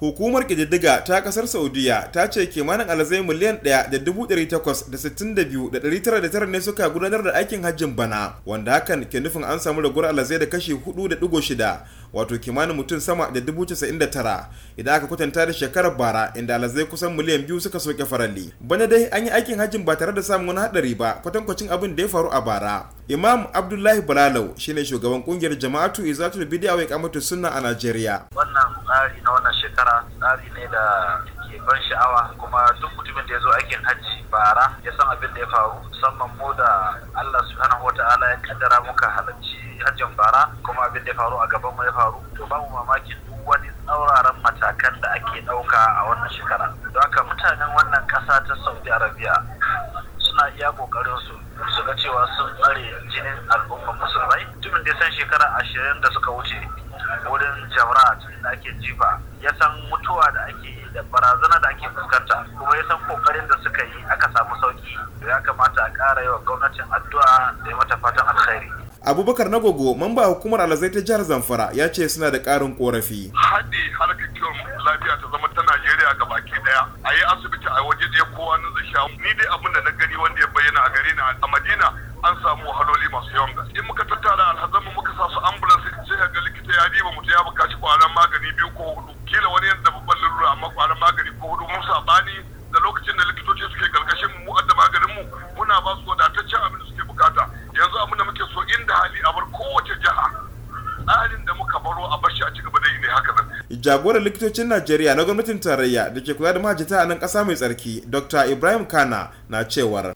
hukumar ƙididdiga ta ƙasar saudiya ta ce kimanin alazai miliyan 1,862,909 ne suka gudanar da aikin hajjin bana wanda hakan ke nufin an samu raguwar alazai da kashi 4.6 wato kimanin mutum sama da 99,000 idan aka kwatanta da shekarar bara inda alazai kusan miliyan biyu suka soke farali bana dai an yi aikin hajjin ba tare da samun wani haɗari ba kwatankwacin abin da ya faru a bara imam abdullahi balalau shine shugaban kungiyar jama'atu izatul bidiya wa kamata sunna a najeriya wannan tsari na shekara tsari ne da ke ban sha'awa kuma duk mutumin da ya zo aikin hajji bara ya san abin da ya faru musamman mu da Allah subhanahu wata ya kaddara muka halarci hajjin bara kuma abin da ya faru a gaban mu ya faru to babu mamakin duk wani tsauraran matakan da ake ɗauka a wannan shekara don haka mutanen wannan kasa ta saudi arabia suna iya ƙoƙarin su su ga cewa sun tsare jinin al'ummar musulmai mutumin da san shekara ashirin da suka wuce wurin jawara da ake jifa ya san mutuwa da ake yi da barazana da ake fuskanta kuma ya san kokarin da suka yi aka samu sauki ya kamata a kara yawa gwamnatin addu'a da mata fatan alkhairi abubakar nagogo mamba hukumar alazai ta jihar zamfara ya ce suna da karin korafi haɗe harkar kiwon lafiya ta zama ta najeriya ga baki daya a yi asibiti a waje ɗaya kowa na zasha ni dai abin da na gani wanda ya bayyana a gari na a madina an samu wahaloli masu yawan gaske in muka tattara alhazanmu muka sa su kila wani yadda babban lura amma kwanan magani ko hudu mun sabani da lokacin da likitoci suke karkashin mu da maganin mu muna ba su wadataccen abin da suke bukata yanzu abin da muke so inda hali a bar kowace jiha tsarin da muka baro a bashi a cigaba da yi ne haka nan. Jagoran likitocin Najeriya na gwamnatin tarayya da ke kula da majita a nan kasa mai tsarki Dr. Ibrahim Kana na cewar.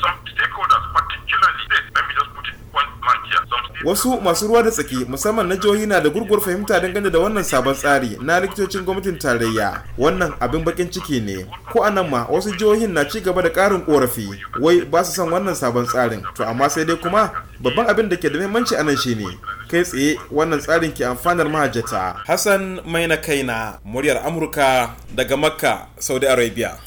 wasu masu ruwa da tsaki musamman na jihohi na da gurgur fahimta dangane da wannan sabon tsari na likitocin gwamnatin tarayya wannan abin bakin ciki ne ko a nan ma wasu jihohin na ci gaba da karin korafi wai ba su son wannan sabon tsarin to amma sai dai kuma babban abin da ke da muhimmanci anan shine kai tsaye wannan tsarin ke amfanar mahajjata hassan mai na kaina muryar amurka daga makka saudi arabia